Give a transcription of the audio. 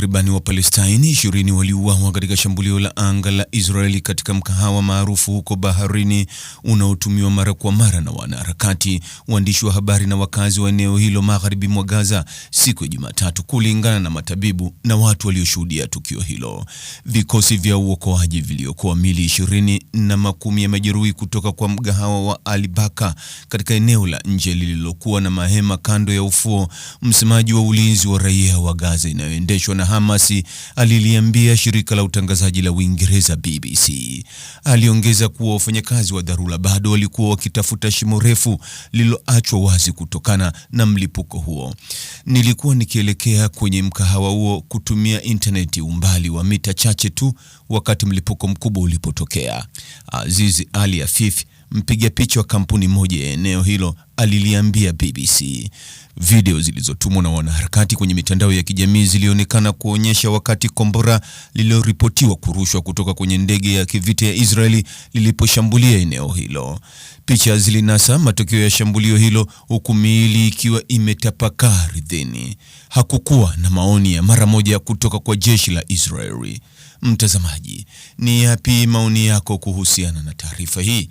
Takriban Wapalestina ishirini waliuawa katika shambulio la anga la Israeli katika mkahawa maarufu huko Baharini unaotumiwa mara kwa mara na wanaharakati, waandishi wa habari na wakazi wa eneo hilo magharibi mwa Gaza siku ya Jumatatu, kulingana na matabibu na watu walioshuhudia tukio hilo. Vikosi vya uokoaji viliokoa mili ishirini na makumi ya majeruhi kutoka kwa mgahawa wa Alibaka katika eneo la nje lililokuwa na mahema kando ya ufuo. Msemaji wa ulinzi wa raia wa Gaza inayoendeshwa na Hamasi aliliambia shirika la utangazaji la Uingereza BBC. Aliongeza kuwa wafanyakazi wa dharura bado walikuwa wakitafuta shimo refu lililoachwa wazi kutokana na mlipuko huo. Nilikuwa nikielekea kwenye mkahawa huo kutumia intaneti umbali wa mita chache tu wakati mlipuko mkubwa ulipotokea. Ah, Azizi Ali Afif mpiga picha wa kampuni moja ya eneo hilo aliliambia BBC. Video zilizotumwa na wanaharakati kwenye mitandao ya kijamii zilionekana kuonyesha wakati kombora lililoripotiwa kurushwa kutoka kwenye ndege ya kivita ya Israeli liliposhambulia eneo hilo. Picha zilinasa matokeo ya shambulio hilo huku miili ikiwa imetapakaa ardhini. Hakukuwa na maoni ya mara moja kutoka kwa jeshi la Israeli. Mtazamaji, ni yapi maoni yako kuhusiana na taarifa hii?